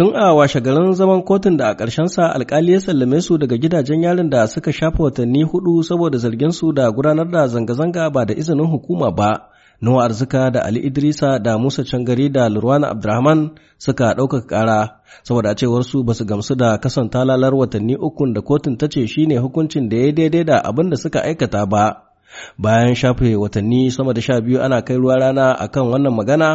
Tun a garin zaman kotun da a sa, alkali ya sallame su daga gidajen yarin da suka shafa watanni hudu saboda zargin su da gudanar da zanga-zanga ba da izinin hukuma ba. Nawa Arzika da Ali Idrisa da Musa Cangari da Lurwana Abdurrahman suka ɗaukaka ƙara saboda a cewar su basu gamsu da kasan talalar watanni ukun da kotun ta ce shine hukuncin da ya yi daidai da abin da suka aikata ba. Bayan shafe watanni sama da sha biyu ana kai ruwa rana akan wannan magana,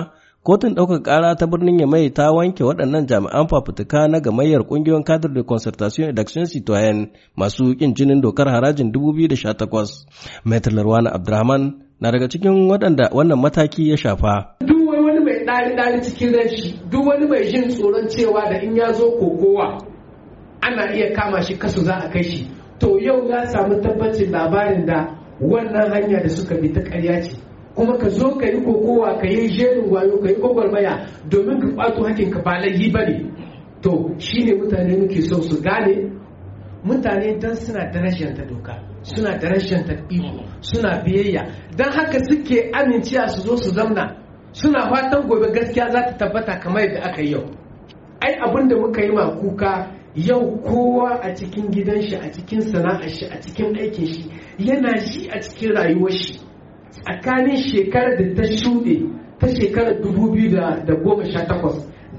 Kotun ɗaukar ƙara ta birnin ya mai ta wanke waɗannan jami'an fafutuka na gamayyar ƙungiyoyin kadar de concertation et d'action masu ƙin jinin dokar harajin 2018. Maitre Larwana Abdurrahman na daga cikin waɗanda wannan mataki ya shafa. Duk wani mai ɗari-ɗari cikin rashi, duk wani mai jin tsoron cewa da in ya zo kokowa ana iya kama shi kasu za a kai shi. To yau ya samu tabbacin labarin da wannan hanya da suka bi ta ƙarya ce. kuma ka zo ka yi kokowa ka yi jerin wayo ka yi gwagwarmaya domin ka kwato hakin ka ba laifi ba ne to shi ne mutane muke so su gane mutane don suna ta doka suna ta iko suna biyayya Dan haka suke amincewa su zo su zamna suna fatan gobe gaskiya za ta tabbata kamar yadda aka yi yau ai abin da muka yi ma kuka yau kowa a cikin gidan shi a cikin sana'ar shi a cikin aikin shi yana shi a cikin rayuwar shi tsakanin shekarar da ta shuɗe ta shekarar 2018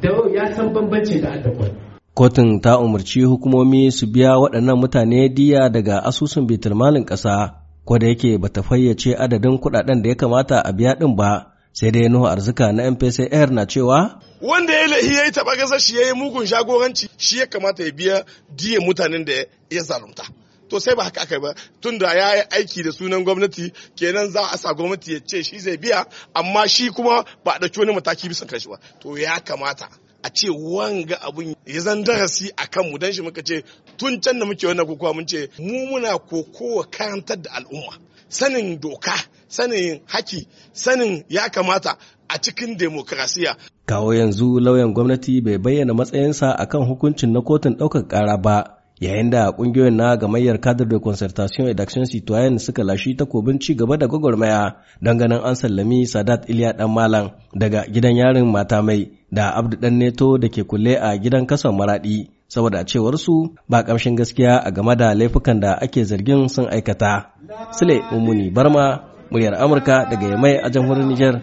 da yau ya san bambanci da adakwai. Kotun ta umarci hukumomi su biya waɗannan mutane diya daga asusun malin ƙasa, ko da yake bata fayyace adadin kuɗaɗen da ya kamata a biya ɗin ba, sai dai Nuhu Arzika na Air na cewa wanda ya lahi ya yi taɓa gasa shi ya yi mugun shagoranci shi ya kamata ya biya diya mutanen da ya zalunta. to sai ba haka aka ba tunda ya yi aiki da sunan gwamnati kenan za a sa gwamnati ya ce shi zai biya amma shi kuma ba a ɗauki wani mataki bisa kashi ba to ya kamata a ce wanga abun ya zan darasi a kanmu don shi muka ce tun can da muke wannan kokowa mun ce mu muna kokowa karantar da al'umma sanin doka sanin haki sanin ya kamata a cikin demokrasiya. Kawo yanzu lauyan gwamnati bai bayyana matsayinsa akan hukuncin na kotun ɗaukar ƙara ba yayin da kungiyoyin na gamayyar kadar da concertation et d'action citoyenne suka lashi takobin ci gaba da gwagwarmaya don ganin an sallami sadat iliya dan malam daga gidan yarin mata mai da abdu dan neto da ke kulle a gidan kasan maradi saboda cewar su ba kamshin gaskiya a game da laifukan da ake zargin sun aikata sule umuni barma muryar amurka daga yamai a jamhuriyar niger